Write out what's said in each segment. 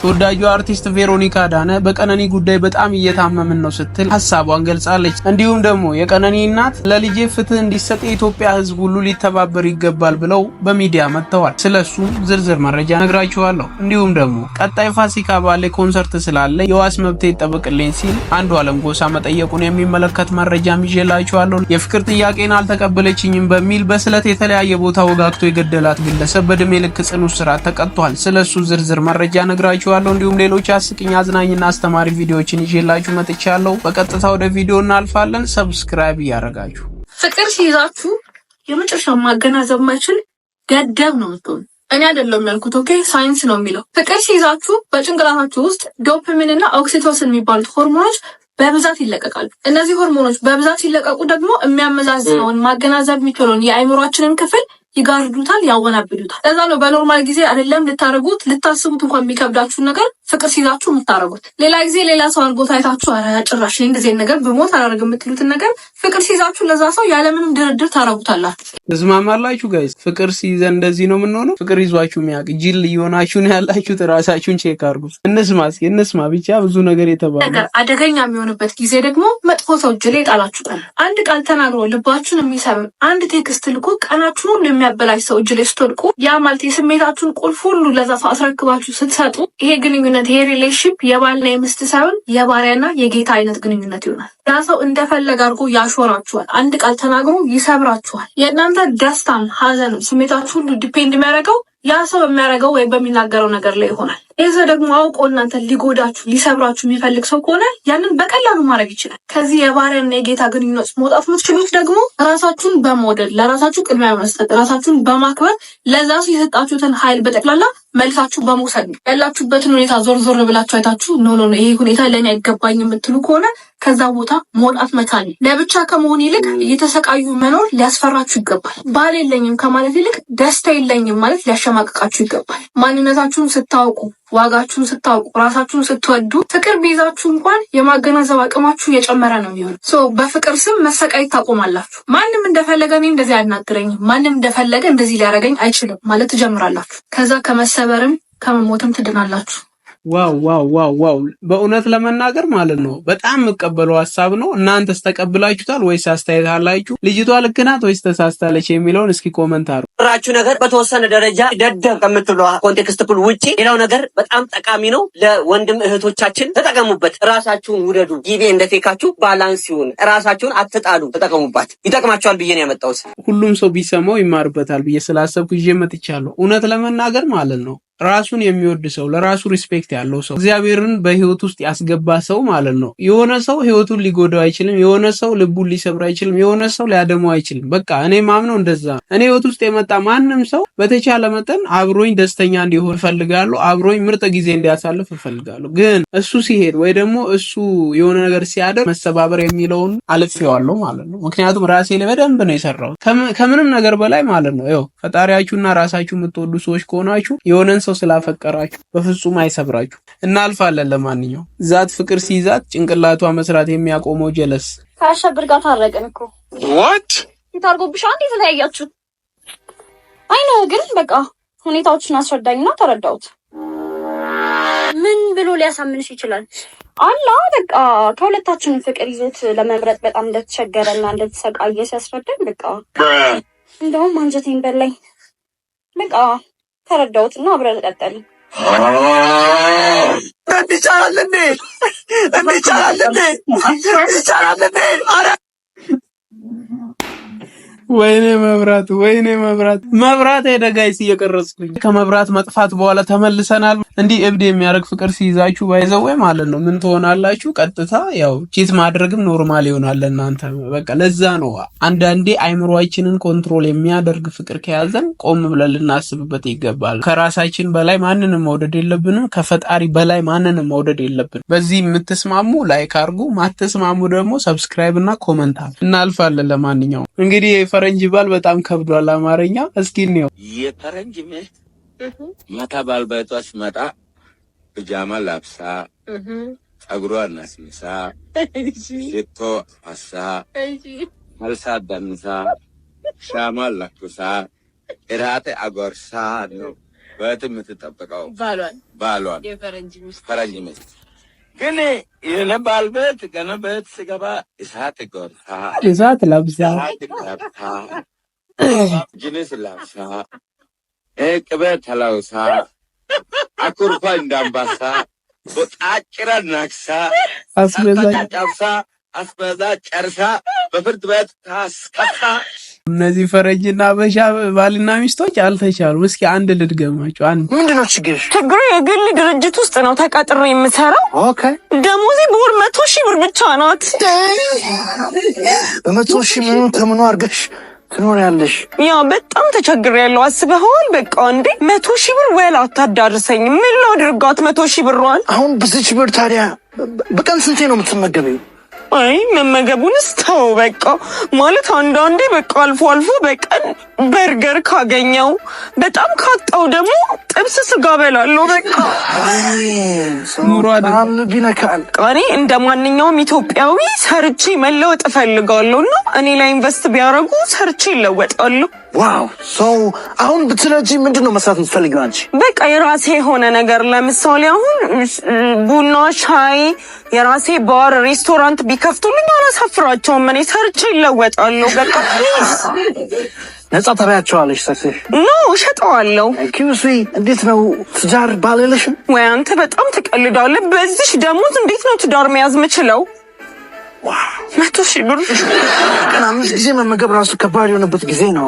ተወዳጁ አርቲስት ቬሮኒካ ዳነ በቀነኒ ጉዳይ በጣም እየታመምን ነው ስትል ሀሳቧን ገልጻለች። እንዲሁም ደግሞ የቀነኒ እናት ለልጄ ፍትህ እንዲሰጥ የኢትዮጵያ ሕዝብ ሁሉ ሊተባበር ይገባል ብለው በሚዲያ መጥተዋል። ስለሱም ዝርዝር መረጃ ነግራችኋለሁ። እንዲሁም ደግሞ ቀጣይ ፋሲካ ባሌ ኮንሰርት ስላለ የዋስ መብት ይጠበቅልኝ ሲል አንዱ አለም ጎሳ መጠየቁን የሚመለከት መረጃም ይዤላችኋለሁ። የፍቅር ጥያቄን አልተቀበለችኝም በሚል በስለት የተለያየ ቦታ ወጋግቶ የገደላት ግለሰብ በእድሜ ልክ ጽኑ እስራት ተቀጥቷል። ስለሱ ዝርዝር መረጃ ነግራችኋለሁ። ብያችኋለሁ። እንዲሁም ሌሎች አስቂኝ አዝናኝና አስተማሪ ቪዲዮዎችን ይዤላችሁ መጥቻለሁ። በቀጥታ ወደ ቪዲዮ እናልፋለን። ሰብስክራይብ እያደረጋችሁ ፍቅር ሲይዛችሁ የመጨረሻ ማገናዘብ ማይችል ገደብ ነው የምትሆኑ። እኔ አይደለም ያልኩት፣ ኦኬ ሳይንስ ነው የሚለው። ፍቅር ሲይዛችሁ በጭንቅላታችሁ ውስጥ ዶፓሚን እና ኦክሲቶሲን የሚባሉት ሆርሞኖች በብዛት ይለቀቃሉ። እነዚህ ሆርሞኖች በብዛት ሲለቀቁ ደግሞ የሚያመዛዝነውን ማገናዘብ የሚችለውን የአይምሯችንን ክፍል ይጋርዱታል፣ ያወናብዱታል። ለዛ ነው በኖርማል ጊዜ አይደለም ልታደርጉት ልታስቡት እንኳን የሚከብዳችሁ ነገር ፍቅር ሲይዛችሁ የምታደርጉት። ሌላ ጊዜ ሌላ ሰው አድርጎት አይታችሁ ጭራሽ ይህን ጊዜ ነገር ብሞት አላደርግ የምትሉትን ነገር ፍቅር ሲይዛችሁ ለዛ ሰው ያለምንም ድርድር ታረጉታላችሁ፣ ትስማማላችሁ። ጋይስ ፍቅር ሲይዘ እንደዚህ ነው የምንሆነው። ፍቅር ይዟችሁ ሚያቅ ጅል እየሆናችሁ ነው ያላችሁት። ራሳችሁን ቼክ አርጉ። እንስማ እንስማ ብቻ ብዙ ነገር የተባለ ነገር አደገኛ የሚሆንበት ጊዜ ደግሞ መጥፎ ሰው እጅ ላይ ጣላችሁ ቀን አንድ ቃል ተናግሮ ልባችሁን የሚሰብር አንድ ቴክስት ልኮ ቀናችሁን ሁሉ የሚያበላሽ ሰው እጅ ላይ ስትወድቁ ያ ማለት የስሜታችሁን ቁልፍ ሁሉ ለዛ ሰው አስረክባችሁ ስትሰጡ ይሄ ግንኙነት ይሄ ሪሌሽንሽፕ የባልና የምስት ሳይሆን የባሪያና የጌታ አይነት ግንኙነት ይሆናል። ያ ሰው እንደፈለገ አድርጎ ያሹ ይሾራችኋል። አንድ ቃል ተናግሮ ይሰብራችኋል። የእናንተ ደስታም ሀዘንም ስሜታችሁ ሁሉ ዲፔንድ የሚያደርገው ያ ሰው በሚያደርገው ወይም በሚናገረው ነገር ላይ ይሆናል። ይህ ሰው ደግሞ አውቆ እናንተ ሊጎዳችሁ ሊሰብራችሁ የሚፈልግ ሰው ከሆነ ያንን በቀላሉ ማድረግ ይችላል። ከዚህ የባሪያና የጌታ ግንኙነት መውጣት የምትችሉት ደግሞ ራሳችሁን በመውደድ ለራሳችሁ ቅድሚያ በመስጠት ራሳችሁን በማክበር ለዛ ሰው የሰጣችሁትን ኃይል በጠቅላላ መልሳችሁ በመውሰድ ነው። ያላችሁበትን ሁኔታ ዞር ዞር ብላችሁ አይታችሁ ኖ ኖ ይሄ ሁኔታ ለእኔ አይገባኝ የምትሉ ከሆነ ከዛ ቦታ መውጣት መቻል። ለብቻ ከመሆን ይልቅ እየተሰቃዩ መኖር ሊያስፈራችሁ ይገባል። ባል የለኝም ከማለት ይልቅ ደስታ የለኝም ማለት ሊያሸማቅቃችሁ ይገባል። ማንነታችሁን ስታውቁ፣ ዋጋችሁን ስታውቁ፣ ራሳችሁን ስትወዱ፣ ፍቅር ቢይዛችሁ እንኳን የማገናዘብ አቅማችሁ እየጨመረ ነው ሶ በፍቅር ስም መሰቃየት ታቆማላችሁ። ማንም እንደፈለገ እኔ እንደዚህ አያናግረኝም፣ ማንም እንደፈለገ እንደዚህ ሊያደርገኝ አይችልም ማለት ትጀምራላችሁ። ከዛ ከመሰበርም ከመሞትም ትድናላችሁ። ዋው ዋው ዋው ዋው! በእውነት ለመናገር ማለት ነው በጣም የምቀበለው ሀሳብ ነው። እናንተስ ተቀብላችሁታል ወይስ አስተያየት አላችሁ? ልጅቷ ልክ ናት ወይስ ተሳስታለች የሚለውን እስኪ ኮመንት አሩ ራችሁ ነገር በተወሰነ ደረጃ ደደብ ከምትለ ኮንቴክስት ፑል ውጭ ሌላው ነገር በጣም ጠቃሚ ነው። ለወንድም እህቶቻችን ተጠቀሙበት። ራሳችሁን ውደዱ። ጊዜ እንደቴካችሁ ባላንስ ይሁን። ራሳችሁን አትጣሉ። ተጠቀሙባት። ይጠቅማችኋል ብዬ ነው ያመጣሁት። ሁሉም ሰው ቢሰማው ይማርበታል ብዬ ስላሰብኩ ይዤ መጥቻለሁ። እውነት ለመናገር ማለት ነው ራሱን የሚወድ ሰው ለራሱ ሪስፔክት ያለው ሰው እግዚአብሔርን በህይወት ውስጥ ያስገባ ሰው ማለት ነው። የሆነ ሰው ህይወቱን ሊጎዳው አይችልም። የሆነ ሰው ልቡን ሊሰብር አይችልም። የሆነ ሰው ሊያደመው አይችልም። በቃ እኔ ማምነው እንደዛ እኔ ህይወት ውስጥ የመጣ ማንም ሰው በተቻለ መጠን አብሮኝ ደስተኛ እንዲሆን እፈልጋለሁ። አብሮኝ ምርጥ ጊዜ እንዲያሳልፍ እፈልጋለሁ። ግን እሱ ሲሄድ ወይ ደግሞ እሱ የሆነ ነገር ሲያደርግ መሰባበር የሚለውን አልፌዋለሁ ማለት ነው። ምክንያቱም ራሴ ላይ በደንብ ነው የሰራው ከምንም ነገር በላይ ማለት ነው። ይኸው ፈጣሪያችሁና ራሳችሁ የምትወዱ ሰዎች ከሆናችሁ የሆነን ሰው ስላፈቀራችሁ በፍጹም አይሰብራችሁ። እናልፋለን። ለማንኛውም ዛት ፍቅር ሲይዛት ጭንቅላቷ መስራት የሚያቆመው ጀለስ ከአሸብር ጋር ታረቅን እኮ ዋት የታርጎብሻ አንድ የተለያያችሁ አይነ ግን በቃ ሁኔታዎችን አስረዳኝና ተረዳሁት። ምን ብሎ ሊያሳምንሽ ይችላል? አላ በቃ ከሁለታችንን ፍቅር ይዞት ለመምረጥ በጣም እንደተቸገረና እንደተሰቃየ ሲያስረዳኝ በቃ እንደውም አንጀቴን በላኝ በቃ ተረዳሁትና አብረን ቀጠልን። እንዲቻላል እንዴ! እንዲቻላል ወይኔ መብራት፣ ወይኔ መብራት፣ መብራት ሄደ። ጋይስ እየቀረጽኩኝ ከመብራት መጥፋት በኋላ ተመልሰናል። እንዲህ እብድ የሚያደርግ ፍቅር ሲይዛችሁ ባይዘወይ ማለት ነው ምን ትሆናላችሁ? ቀጥታ ያው ቺት ማድረግም ኖርማል ይሆናል እናንተ። በቃ ለዛ ነው አንዳንዴ አይምሯችንን ኮንትሮል የሚያደርግ ፍቅር ከያዘን ቆም ብለን ልናስብበት ይገባል። ከራሳችን በላይ ማንንም መውደድ የለብንም። ከፈጣሪ በላይ ማንንም መውደድ የለብንም። በዚህ የምትስማሙ ላይክ አርጉ ማትስማሙ ደግሞ ሰብስክራይብ እና ኮመንት እናልፋለን። ለማንኛውም እንግዲህ የፈረንጅ ባል በጣም ከብዷል። አማርኛ እስኪ እንየው። የፈረንጅ ሚስት ማታ ባል ቤቷ ሲመጣ ፒጃማ ላብሳ፣ ጸጉሯን አስምሳ፣ ሽቶ አሳ፣ መልሳ ደንሳ፣ ሻማ ለኩሳ፣ እራት አጎርሳ ነው በት የምትጠብቀው ባሏን። ፈረንጅ ሚስት ግን የነባል ቤት ገና ቤት ስገባ እሳት ጎርታ እሳት ለብሳ ጅንስ ለብሳ ቅቤ ተለውሳ አኩርፋ እንዳንባሳ ቦጣጭራ ናክሳ አስበዛ ጨርሳ አስበዛ ጨርሳ በፍርድ ቤት ታስከታ እነዚህ ፈረጅና በሻ ባልና ሚስቶች አልተቻሉም። እስኪ አንድ ልድገማቸው። አንድ ምንድነው ችግር? ችግሩ የግል ድርጅት ውስጥ ነው ተቀጥሬ የምሰራው። ኦኬ ደሞዜ በወር መቶ ሺህ ብር ብቻ ናት። በመቶ ሺህ ምኑን ከምኑ ትኖር ያለሽ? ያ በጣም ተቸግር ያለው አስበኸዋል? በቃ እንዴ መቶ ሺህ ብር ወላ አታዳርሰኝ። ምን ላድርጋት መቶ ሺህ ብሯን? አሁን ብዝች ብር ታዲያ በቀን ስንቴ ነው የምትመገበው? አይ መመገቡን ስተው በቃ። ማለት አንዳንዴ በቃ አልፎ አልፎ በቀን በርገር ካገኘው፣ በጣም ካጣው ደግሞ ጥብስ ስጋ በላለሁ። በቃ ቢነካል እኔ እንደ ማንኛውም ኢትዮጵያዊ ሰርቼ መለወጥ እፈልጋለሁ እና እኔ ላይ ኢንቨስት ቢያደርጉ ሰርቼ ይለወጣሉ። ዋው ሰው አሁን ብትረጂ ምንድን ነው መስራት የምትፈልጊው አንቺ? በቃ የራሴ የሆነ ነገር ለምሳሌ አሁን ቡና፣ ሻይ የራሴ ባር፣ ሬስቶራንት ቢከፍቱልኝ አላሳፍራቸውም። እኔ ሰርቼ ይለወጣሉ። በቃ ነጻ ተሪያቸዋለሽ ሰርሴ ኖ እሸጠዋለሁ። ኪዩሲ እንዴት ነው ትዳር ባልልሽም ወይ አንተ በጣም ትቀልዳለህ። በዚሽ ደሞዝ እንዴት ነው ትዳር መያዝ ምችለው? መቶ ሺህ ብር አምስት ጊዜ መመገብ ራሱ ከባድ የሆነበት ጊዜ ነው።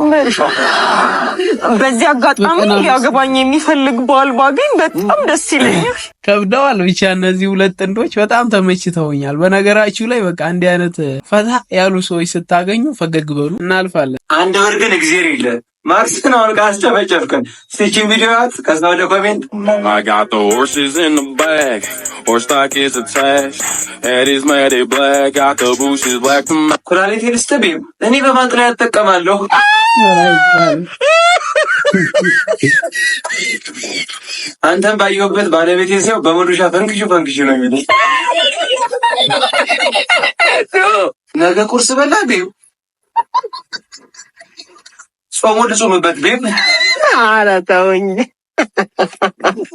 በዚህ አጋጣሚ ሊያገባኝ የሚፈልግ ባል ባገኝ በጣም ደስ ይለኛል። ከብደዋል። ብቻ እነዚህ ሁለት ጥንዶች በጣም ተመችተውኛል። በነገራችሁ ላይ በቃ እንዲህ አይነት ፈታ ያሉ ሰዎች ስታገኙ ፈገግ በሉ። እናልፋለን። አንድ ብር ግን እግዜር የለ ማክስን አሁን ካስጨፈጨፍክን ስቲቺ ቪዲዮት ከዛ ወደ ኮሜንት ኩላሊቴን ስጥቤ እኔ በማጥለያ እጠቀማለሁ። አንተን ባየሁበት ባለቤቴ ሲያው በመዶሻ ፈንክሹ ፈንክሹ ነው የሚለኝ። ነገ ቁርስ በላ ቤው ጾሙን ልጹምበት ቤት ኧረ ተውኝ።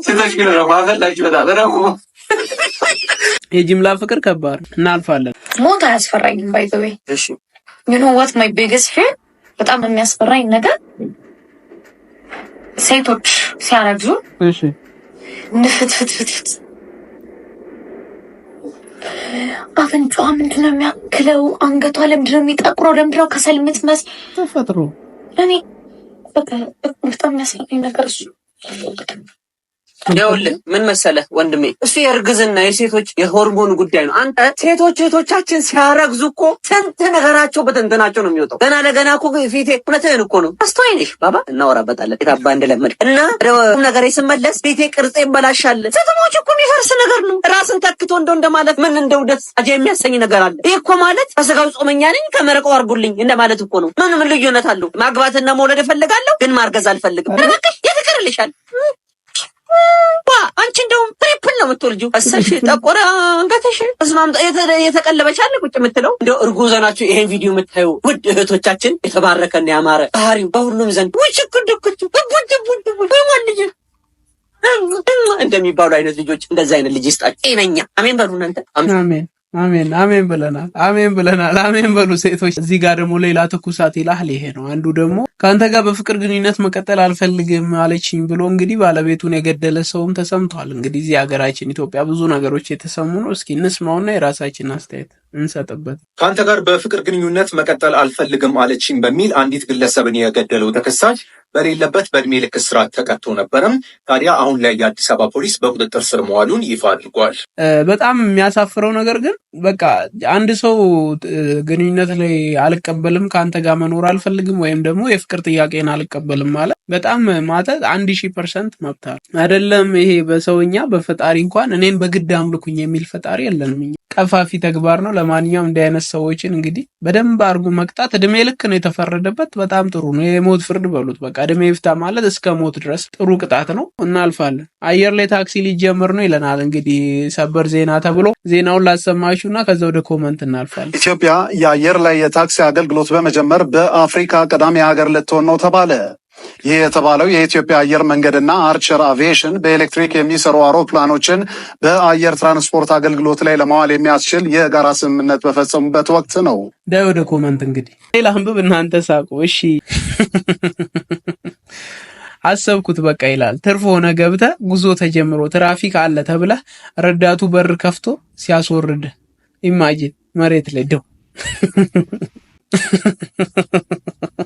ሲተሽኪል ነው ማፈላች በጣም ረቡ የጅምላ ፍቅር ከባድ እናልፋለን። ሞት አያስፈራኝም። ባይዘዌ ዩኖ ዋት ማይ ቢግስት ፊር በጣም የሚያስፈራኝ ነገር ሴቶች ሲያረግዙ ንፍትፍትፍትፍት አፍንጫዋ ምንድነው የሚያክለው? አንገቷ ለምንድነው የሚጠቁረው? ለምንድነው ከሰል የምትመስለው? ተፈጥሮ እኔ በቃ በጣም የሚያሰኝ ነገር እሱ ይኸውልህ ምን መሰለህ ወንድሜ፣ እሱ የእርግዝና የሴቶች የሆርሞን ጉዳይ ነው። አንተ ሴቶች ሴቶቻችን ሲያረግዙ እኮ ስንት ነገራቸው በትንትናቸው ነው የሚወጣው። ገና ለገና እኮ ፊቴ እውነትህን እኮ ነው። አስተዋይ ነሽ ባባ፣ እናወራበታለን። ቤታባ እንደለመድ እና ነገር ስመለስ ቤቴ ቅርጽ ይበላሻል። ስትሞች እኮ የሚፈርስ ነገር ነው። ራስን ተክቶ እንደው እንደማለት ምን እንደው ደስ አጀ የሚያሰኝ ነገር አለ። ይህ እኮ ማለት ከስጋው ጾመኛ ነኝ ከመረቀው አርጉልኝ እንደማለት እኮ ነው። ምን ምን ልዩነት አለው? ማግባትና መውለድ እፈልጋለሁ ግን ማርገዝ አልፈልግም። ይፈቅድልሻል አንቺ እንደውም ትሪፕል ነው የምትወልጂው። እሰሽ ጠቆረ አንገተሽ እስማም የተቀለበች አለ ቁጭ የምትለው እንደው እርጉዝ ሆናችሁ ይሄን ቪዲዮ የምታዩ ውድ እህቶቻችን የተባረከና ያማረ ባህሪው በሁሉም ዘንድ ውሽኩ ድኩች ልጅ እንደሚባሉ አይነት ልጆች እንደዚህ አይነት ልጅ ይስጣችሁ። ጤነኛ አሜን በሉ እናንተ አሜን። አሜን አሜን ብለናል። አሜን ብለናል። አሜን በሉ ሴቶች። እዚህ ጋር ደግሞ ሌላ ትኩሳት ይላል። ይሄ ነው አንዱ ደግሞ ከአንተ ጋር በፍቅር ግንኙነት መቀጠል አልፈልግም አለችኝ ብሎ እንግዲህ ባለቤቱን የገደለ ሰውም ተሰምቷል። እንግዲህ እዚህ ሀገራችን ኢትዮጵያ ብዙ ነገሮች የተሰሙ ነው። እስኪ እንስማውና የራሳችን አስተያየት እንሰጥበት። ከአንተ ጋር በፍቅር ግንኙነት መቀጠል አልፈልግም አለችኝ በሚል አንዲት ግለሰብን የገደለው ተከሳሽ በሌለበት በእድሜ ልክ እስራት ተቀጥቶ ነበረም። ታዲያ አሁን ላይ የአዲስ አበባ ፖሊስ በቁጥጥር ስር መዋሉን ይፋ አድርጓል። በጣም የሚያሳፍረው ነገር ግን በቃ አንድ ሰው ግንኙነት ላይ አልቀበልም ከአንተ ጋር መኖር አልፈልግም ወይም ደግሞ የፍቅር ጥያቄን አልቀበልም ማለት በጣም ማተት አንድ ሺህ ፐርሰንት መብታል አይደለም። ይሄ በሰውኛ በፈጣሪ እንኳን እኔን በግድ አምልኩኝ የሚል ፈጣሪ የለንም። ቀፋፊ ተግባር ነው። ለማንኛውም እንዲህ አይነት ሰዎችን እንግዲህ በደንብ አድርጎ መቅጣት እድሜ ልክ ነው የተፈረደበት። በጣም ጥሩ ነው። የሞት ፍርድ በሉት በቃ እድሜ ይፍታ ማለት እስከ ሞት ድረስ ጥሩ ቅጣት ነው። እናልፋለን። አየር ላይ ታክሲ ሊጀምር ነው ይለናል። እንግዲህ ሰበር ዜና ተብሎ ዜናውን ላሰማችሁ እና ከዛ ወደ ኮመንት እናልፋለን። ኢትዮጵያ የአየር ላይ የታክሲ አገልግሎት በመጀመር በአፍሪካ ቀዳሚ ሀገር ልትሆን ነው ተባለ። ይህ የተባለው የኢትዮጵያ አየር መንገድና አርቸር አቪዬሽን በኤሌክትሪክ የሚሰሩ አውሮፕላኖችን በአየር ትራንስፖርት አገልግሎት ላይ ለማዋል የሚያስችል የጋራ ስምምነት በፈጸሙበት ወቅት ነው። ወደ ኮመንት እንግዲህ ሌላ አንብብ እናንተ ሳቁ። እሺ አሰብኩት በቃ ይላል። ትርፍ ሆነ ገብተ ጉዞ ተጀምሮ ትራፊክ አለ ተብለ ረዳቱ በር ከፍቶ ሲያስወርድ ኢማጂን መሬት ላይ ደው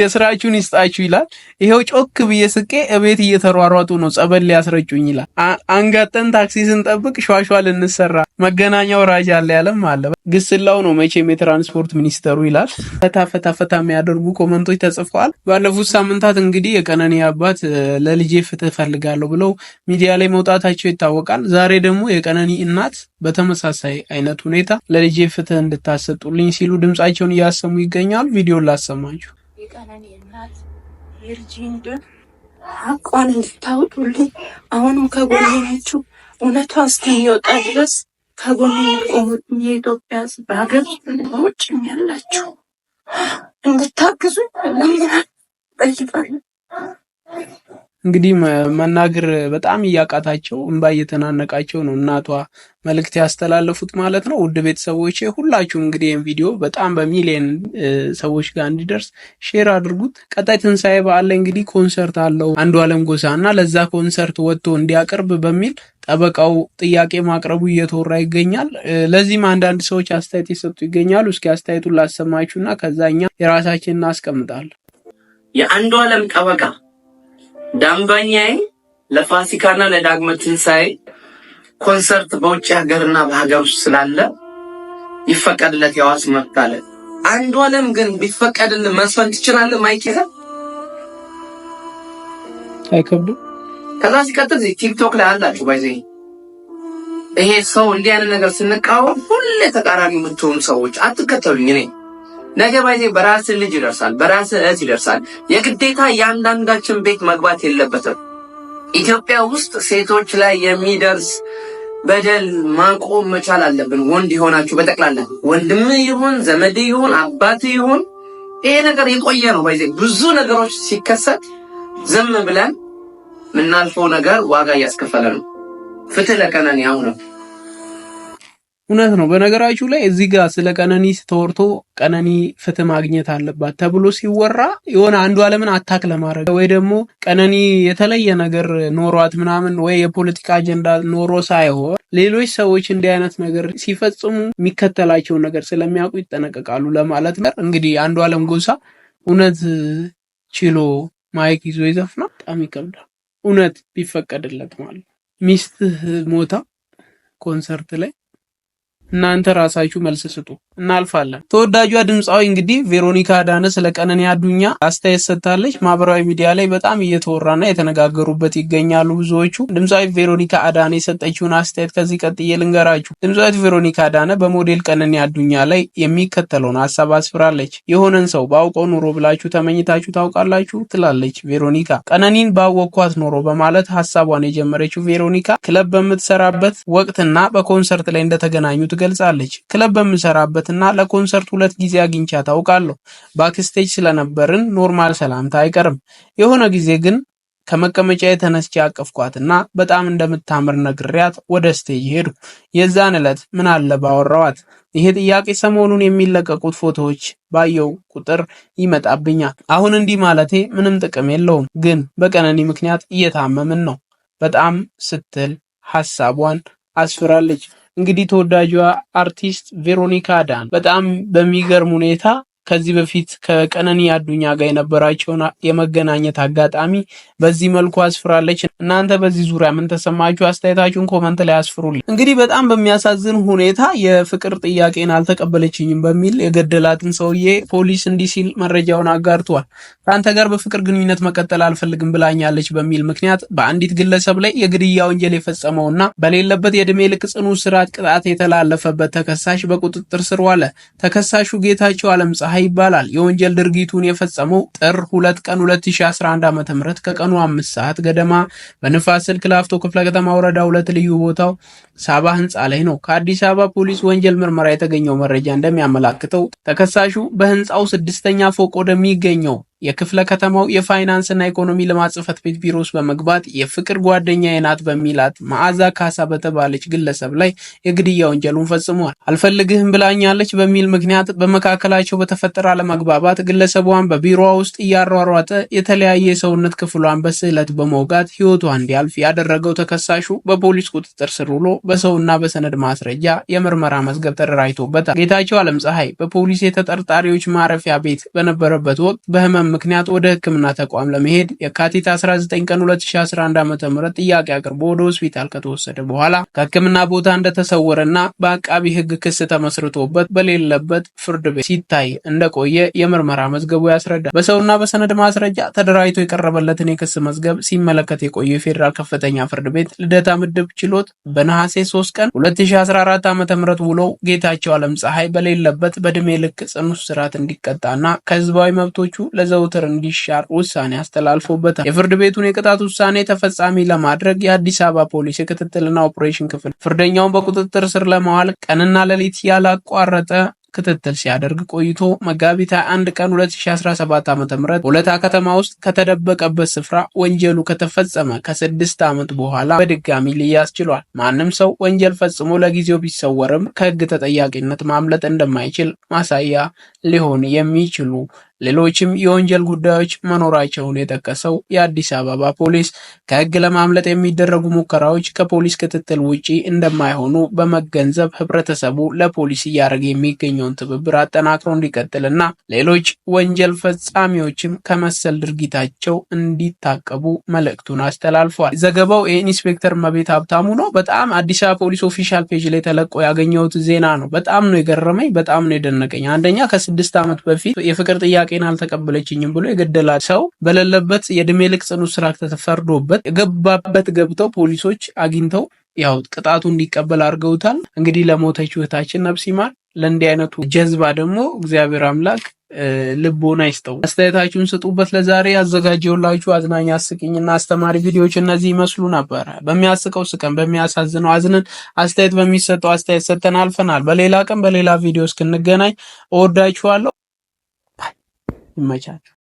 የስራችሁን ይስጣችሁ ይላል። ይሄው ጮክ ብዬ ስቄ እቤት እየተሯሯጡ ነው ጸበል ሊያስረጩኝ ይላል። አንጋጠን ታክሲ ስንጠብቅ ሿሿ ልንሰራ መገናኛው ራጃ አለ ያለም አለ ግስላው ነው መቼም የትራንስፖርት ሚኒስተሩ ይላል። ፈታ ፈታ ፈታ የሚያደርጉ ኮመንቶች ተጽፈዋል። ባለፉት ሳምንታት እንግዲህ የቀነኒ አባት ለልጄ ፍትህ እፈልጋለሁ ብለው ሚዲያ ላይ መውጣታቸው ይታወቃል። ዛሬ ደግሞ የቀነኒ እናት በተመሳሳይ አይነት ሁኔታ ለልጄ ፍትህ እንድታሰጡልኝ ሲሉ ድምጻቸውን እያሰሙ ይገኛሉ። ቪዲዮን ላሰማችሁ። ቀነኒ እናት የልጄን ደም አቋን እንድታወጡልኝ አሁንም ከጎኔ ናችሁ። እውነቷ እስከሚወጣ ድረስ ከጎኔ የቆሙትን የኢትዮጵያ ሕዝብ በሀገር በውጭም ያላችሁ እንድታግዙ ለምናል ጠይቃለሁ። እንግዲህ መናገር በጣም እያቃታቸው እንባ እየተናነቃቸው ነው እናቷ መልእክት ያስተላለፉት ማለት ነው። ውድ ቤተሰቦቼ ሁላችሁም እንግዲህ ይህን ቪዲዮ በጣም በሚሊየን ሰዎች ጋር እንዲደርስ ሼር አድርጉት። ቀጣይ ትንሣኤ በዓል ላይ እንግዲህ ኮንሰርት አለው አንዱ አለም ጎሳ እና ለዛ ኮንሰርት ወጥቶ እንዲያቀርብ በሚል ጠበቃው ጥያቄ ማቅረቡ እየተወራ ይገኛል። ለዚህም አንዳንድ ሰዎች አስተያየት የሰጡ ይገኛሉ። እስኪ አስተያየቱን ላሰማችሁና ከዛኛ ከዛ እኛ እናስቀምጣለን። የአንዱ አለም ጠበቃ ደንበኛዬ ለፋሲካና ለዳግመ ትንሣኤ ኮንሰርት በውጭ ሀገርና በሀገር ውስጥ ስላለ ይፈቀድለት የዋስ መብት አለ። አንዱ አለም ግን ቢፈቀድል መስፈን ትችላለህ። ማይክ ይዘህ አይከብድም። ከዛ ሲቀጥል ቲክቶክ ላይ አላችሁ ባይዘ ይሄ ሰው እንዲህ አይነት ነገር ስንቃወም ሁሌ ተቃራኒ የምትሆኑ ሰዎች አትከተሉኝ እኔ ነገ ባይዜ በራስ ልጅ ይደርሳል፣ በራስ እህት ይደርሳል። የግዴታ የአንዳንዳችን ቤት መግባት የለበትም። ኢትዮጵያ ውስጥ ሴቶች ላይ የሚደርስ በደል ማቆም መቻል አለብን። ወንድ የሆናችሁ በጠቅላላ ወንድም ይሁን ዘመድ ይሁን አባት ይሁን ይሄ ነገር የቆየ ነው። ባይዜ ብዙ ነገሮች ሲከሰት ዝም ብለን የምናልፈው ነገር ዋጋ እያስከፈለ ነው። ፍትህ ለቀነኒ አሁን ነው። እውነት ነው። በነገራችሁ ላይ እዚህ ጋር ስለ ቀነኒ ተወርቶ ቀነኒ ፍትህ ማግኘት አለባት ተብሎ ሲወራ የሆነ አንዱ አለምን አታክ ለማድረግ ወይ ደግሞ ቀነኒ የተለየ ነገር ኖሯት ምናምን ወይ የፖለቲካ አጀንዳ ኖሮ ሳይሆን ሌሎች ሰዎች እንዲህ አይነት ነገር ሲፈጽሙ የሚከተላቸውን ነገር ስለሚያውቁ ይጠነቀቃሉ ለማለት ነው። እንግዲህ አለም ጎሳ እውነት ችሎ ማይክ ይዞ ይዘፍና በጣም ይከብዳል። እውነት ቢፈቀድለት ማለት ሚስትህ ሞታ ኮንሰርት ላይ እናንተ ራሳችሁ መልስ ስጡ፣ እናልፋለን። ተወዳጇ ድምፃዊ እንግዲህ ቬሮኒካ አዳነ ስለ ቀነኒ አዱኛ አስተያየት ሰጥታለች። ማህበራዊ ሚዲያ ላይ በጣም እየተወራና የተነጋገሩበት ይገኛሉ ብዙዎቹ። ድምፃዊ ቬሮኒካ አዳነ የሰጠችውን አስተያየት ከዚህ ቀጥዬ ልንገራችሁ። ድምፃዊት ቬሮኒካ አዳነ በሞዴል ቀነኒ አዱኛ ላይ የሚከተለውን ሀሳብ አስፍራለች። የሆነን ሰው በአውቀው ኑሮ ብላችሁ ተመኝታችሁ ታውቃላችሁ? ትላለች ቬሮኒካ። ቀነኒን ባወኳት ኖሮ በማለት ሀሳቧን የጀመረችው ቬሮኒካ ክለብ በምትሰራበት ወቅትና በኮንሰርት ላይ እንደተገናኙ ገልጻለች። ክለብ በምሰራበትና ለኮንሰርት ሁለት ጊዜ አግኝቻ ታውቃለሁ። ባክስቴጅ ስለነበርን ኖርማል ሰላምታ አይቀርም። የሆነ ጊዜ ግን ከመቀመጫ የተነስቼ አቀፍኳትና በጣም እንደምታምር ነግሪያት ወደ ስቴጅ ሄዱ። የዛን ዕለት ምን አለ ባወራዋት። ይሄ ጥያቄ ሰሞኑን የሚለቀቁት ፎቶዎች ባየው ቁጥር ይመጣብኛል። አሁን እንዲህ ማለቴ ምንም ጥቅም የለውም፣ ግን በቀነኒ ምክንያት እየታመምን ነው በጣም ስትል ሐሳቧን አስፍራለች። እንግዲህ ተወዳጇ አርቲስት ቬሮኒካ ዳን በጣም በሚገርም ሁኔታ ከዚህ በፊት ከቀነኒ አዱኛ ጋር የነበራቸውን የመገናኘት አጋጣሚ በዚህ መልኩ አስፍራለች። እናንተ በዚህ ዙሪያ ምን ተሰማችሁ? አስተያየታችሁን ኮመንት ላይ አስፍሩልኝ። እንግዲህ በጣም በሚያሳዝን ሁኔታ የፍቅር ጥያቄን አልተቀበለችኝም በሚል የገደላትን ሰውዬ ፖሊስ እንዲህ ሲል መረጃውን አጋርቷል። ከአንተ ጋር በፍቅር ግንኙነት መቀጠል አልፈልግም ብላኛለች በሚል ምክንያት በአንዲት ግለሰብ ላይ የግድያ ወንጀል የፈጸመውና በሌለበት የእድሜ ልክ ጽኑ እስራት ቅጣት የተላለፈበት ተከሳሽ በቁጥጥር ስር ዋለ። ተከሳሹ ጌታቸው አለም ፀሐይ ይባላል። የወንጀል ድርጊቱን የፈጸመው ጥር 2 ቀን 2011 ዓ.ም ከቀኑ 5 ሰዓት ገደማ በንፋስ ስልክ ላፍቶ ክፍለ ከተማ ወረዳ ሁለት ልዩ ቦታው ሳባ ህንፃ ላይ ነው። ከአዲስ አበባ ፖሊስ ወንጀል ምርመራ የተገኘው መረጃ እንደሚያመላክተው ተከሳሹ በህንፃው ስድስተኛ ፎቅ ወደሚገኘው የክፍለ ከተማው የፋይናንስና ኢኮኖሚ ልማት ጽሕፈት ቤት ቢሮ ውስጥ በመግባት የፍቅር ጓደኛ ናት በሚላት መዓዛ ካሳ በተባለች ግለሰብ ላይ የግድያ ወንጀሉን ፈጽሟል። አልፈልግህም ብላኛለች በሚል ምክንያት በመካከላቸው በተፈጠረ አለመግባባት ግለሰቧን በቢሮዋ ውስጥ እያሯሯጠ የተለያየ የሰውነት ክፍሏን በስዕለት በመውጋት ሕይወቷ እንዲያልፍ ያደረገው ተከሳሹ በፖሊስ ቁጥጥር ስር ውሎ በሰውና በሰነድ ማስረጃ የምርመራ መዝገብ ተደራጅቶበታል። ጌታቸው አለም ፀሐይ በፖሊስ የተጠርጣሪዎች ማረፊያ ቤት በነበረበት ወቅት በህመም ምክንያት ወደ ሕክምና ተቋም ለመሄድ የካቲት 19 ቀን 2011 ዓ.ም ጥያቄ አቅርቦ ወደ ሆስፒታል ከተወሰደ በኋላ ከሕክምና ቦታ እንደተሰወረና በአቃቢ ሕግ ክስ ተመስርቶበት በሌለበት ፍርድ ቤት ሲታይ እንደቆየ የምርመራ መዝገቡ ያስረዳል። በሰውና በሰነድ ማስረጃ ተደራጅቶ የቀረበለትን የክስ መዝገብ ሲመለከት የቆየ የፌዴራል ከፍተኛ ፍርድ ቤት ልደታ ምድብ ችሎት በነሐሴ 3 ቀን 2014 ዓ.ም ውሎ ጌታቸው ዓለም ፀሐይ በሌለበት በእድሜ ልክ ጽኑ እስራት እንዲቀጣና ከህዝባዊ መብቶቹ ለዘ ዘውትር እንዲሻር ውሳኔ አስተላልፎበታል። የፍርድ ቤቱን የቅጣት ውሳኔ ተፈጻሚ ለማድረግ የአዲስ አበባ ፖሊስ የክትትልና ኦፕሬሽን ክፍል ፍርደኛውን በቁጥጥር ስር ለማዋል ቀንና ሌሊት ያላቋረጠ ክትትል ሲያደርግ ቆይቶ መጋቢት 21 ቀን 2017 ዓ.ም ሆለታ ከተማ ውስጥ ከተደበቀበት ስፍራ ወንጀሉ ከተፈጸመ ከስድስት ዓመት በኋላ በድጋሚ ሊያዝ ችሏል። ማንም ሰው ወንጀል ፈጽሞ ለጊዜው ቢሰወርም ከህግ ተጠያቂነት ማምለጥ እንደማይችል ማሳያ ሊሆን የሚችሉ ሌሎችም የወንጀል ጉዳዮች መኖራቸውን የጠቀሰው የአዲስ አበባ ፖሊስ ከህግ ለማምለጥ የሚደረጉ ሙከራዎች ከፖሊስ ክትትል ውጪ እንደማይሆኑ በመገንዘብ ህብረተሰቡ ለፖሊስ እያደረገ የሚገኘውን ትብብር አጠናክሮ እንዲቀጥልና ሌሎች ወንጀል ፈጻሚዎችም ከመሰል ድርጊታቸው እንዲታቀቡ መልእክቱን አስተላልፏል። ዘገባው የኢንስፔክተር መቤት ሀብታሙ ነው። በጣም አዲስ አበባ ፖሊስ ኦፊሻል ፔጅ ላይ ተለቆ ያገኘሁት ዜና ነው። በጣም ነው የገረመኝ፣ በጣም ነው የደነቀኝ። አንደኛ ከስድስት ዓመት በፊት የፍቅር ጥያቄ ጥያቄን አልተቀበለችኝም ብሎ የገደላ ሰው በሌለበት የእድሜ ልክ ጽኑ እስራት ተፈርዶበት የገባበት ገብተው ፖሊሶች አግኝተው ያው ቅጣቱ እንዲቀበል አድርገውታል። እንግዲህ ለሞተች እህታችን ነፍስ ይማር። ለእንዲህ አይነቱ ጀዝባ ደግሞ እግዚአብሔር አምላክ ልቦና ይስጠው። አስተያየታችሁን ስጡበት። ለዛሬ ያዘጋጀውላችሁ አዝናኝ አስቂኝና አስተማሪ ቪዲዮዎች እነዚህ ይመስሉ ነበረ። በሚያስቀው ስቀን፣ በሚያሳዝነው አዝነን፣ አስተያየት በሚሰጠው አስተያየት ሰጥተን አልፈናል። በሌላ ቀን በሌላ ቪዲዮ እስክንገናኝ እወዳችኋለሁ። ይመቻችሁ።